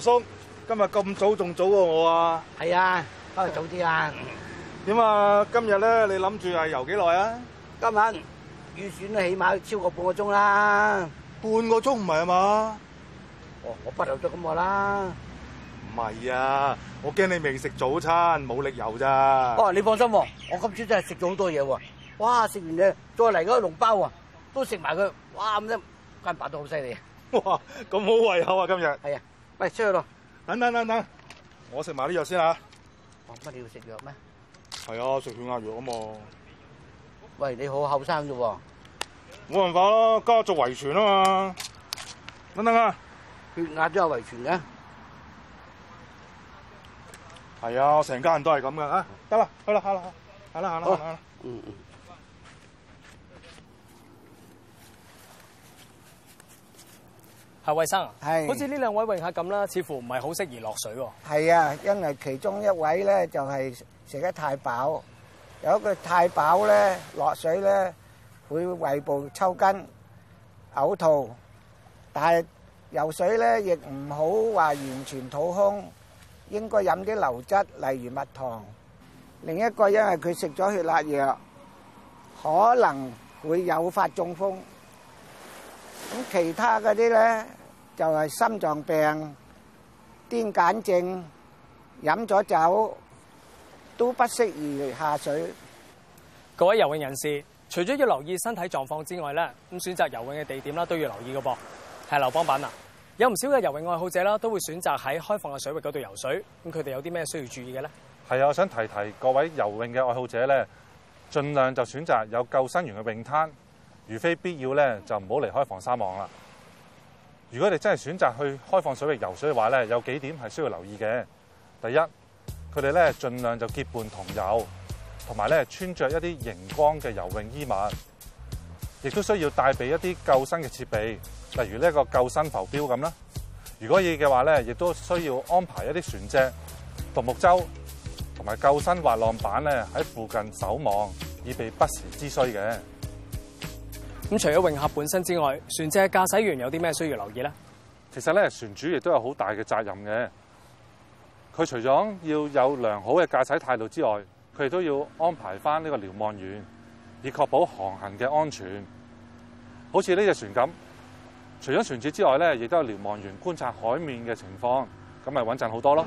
叔，今日咁早仲早過我啊！係啊，今日早啲啊。點啊？今日咧，你諗住係游幾耐啊？今晚預算起碼超過半個鐘啦。半個鐘唔係啊嘛？哦，我不留足咁耐啦。唔係啊，我驚你未食早餐，冇力游咋。哦，你放心喎，我今朝真係食咗好多嘢喎。哇，食完咧，再嚟嗰個籠包啊，都食埋佢。哇，咁樣筋拔都好犀利啊！哇，咁好胃口啊！今日係啊。喂，出去咯！等等等等，我食埋啲藥先啊，哦，乜你要食藥咩？係啊，食血壓藥啊嘛。喂，你好後生啫喎。冇辦法咯，家族遺傳啊嘛。等等啊，血壓都有遺傳嘅。係啊，成家人都係咁嘅啊！得啦，去啦，行啦，行啦，行啦，行啦，啊，嗯嗯。係衛生啊，好似呢兩位泳客咁啦，似乎唔係好適宜落水喎。係啊，因為其中一位咧就係食得太飽，有一個太飽咧落水咧會胃部抽筋，嘔吐，但係游水咧亦唔好話完全肚空，應該飲啲流質，例如蜜糖。另一個因為佢食咗血辣藥，可能會誘發中風。咁其他嗰啲咧就係心臟病、癲癇症、飲咗酒，都不適宜下水。各位游泳人士，除咗要留意身體狀況之外咧，咁選擇游泳嘅地點啦都要留意噶噃。係劉邦版啊，有唔少嘅游泳愛好者啦，都會選擇喺開放嘅水域嗰度游水。咁佢哋有啲咩需要注意嘅咧？係啊，我想提提各位游泳嘅愛好者咧，盡量就選擇有救生員嘅泳灘。如非必要咧，就唔好離開防沙網啦。如果你真係選擇去開放水域游水嘅話咧，有幾點係需要留意嘅。第一，佢哋咧盡量就結伴同游，同埋咧穿着一啲熒光嘅游泳衣物，亦都需要帶備一啲救生嘅設備，例如呢一個救生浮標咁啦。如果要嘅話咧，亦都需要安排一啲船隻、獨木舟同埋救生滑浪板咧喺附近守望，以備不時之需嘅。咁除咗泳客本身之外，船隻嘅駕駛員有啲咩需要留意呢？其實咧，船主亦都有好大嘅責任嘅。佢除咗要有良好嘅駕駛態度之外，佢亦都要安排返呢個瞭望員，以確保航行嘅安全。好似呢隻船咁，除咗船主之外咧，亦都有瞭望員觀察海面嘅情況，咁咪穩陣好多咯。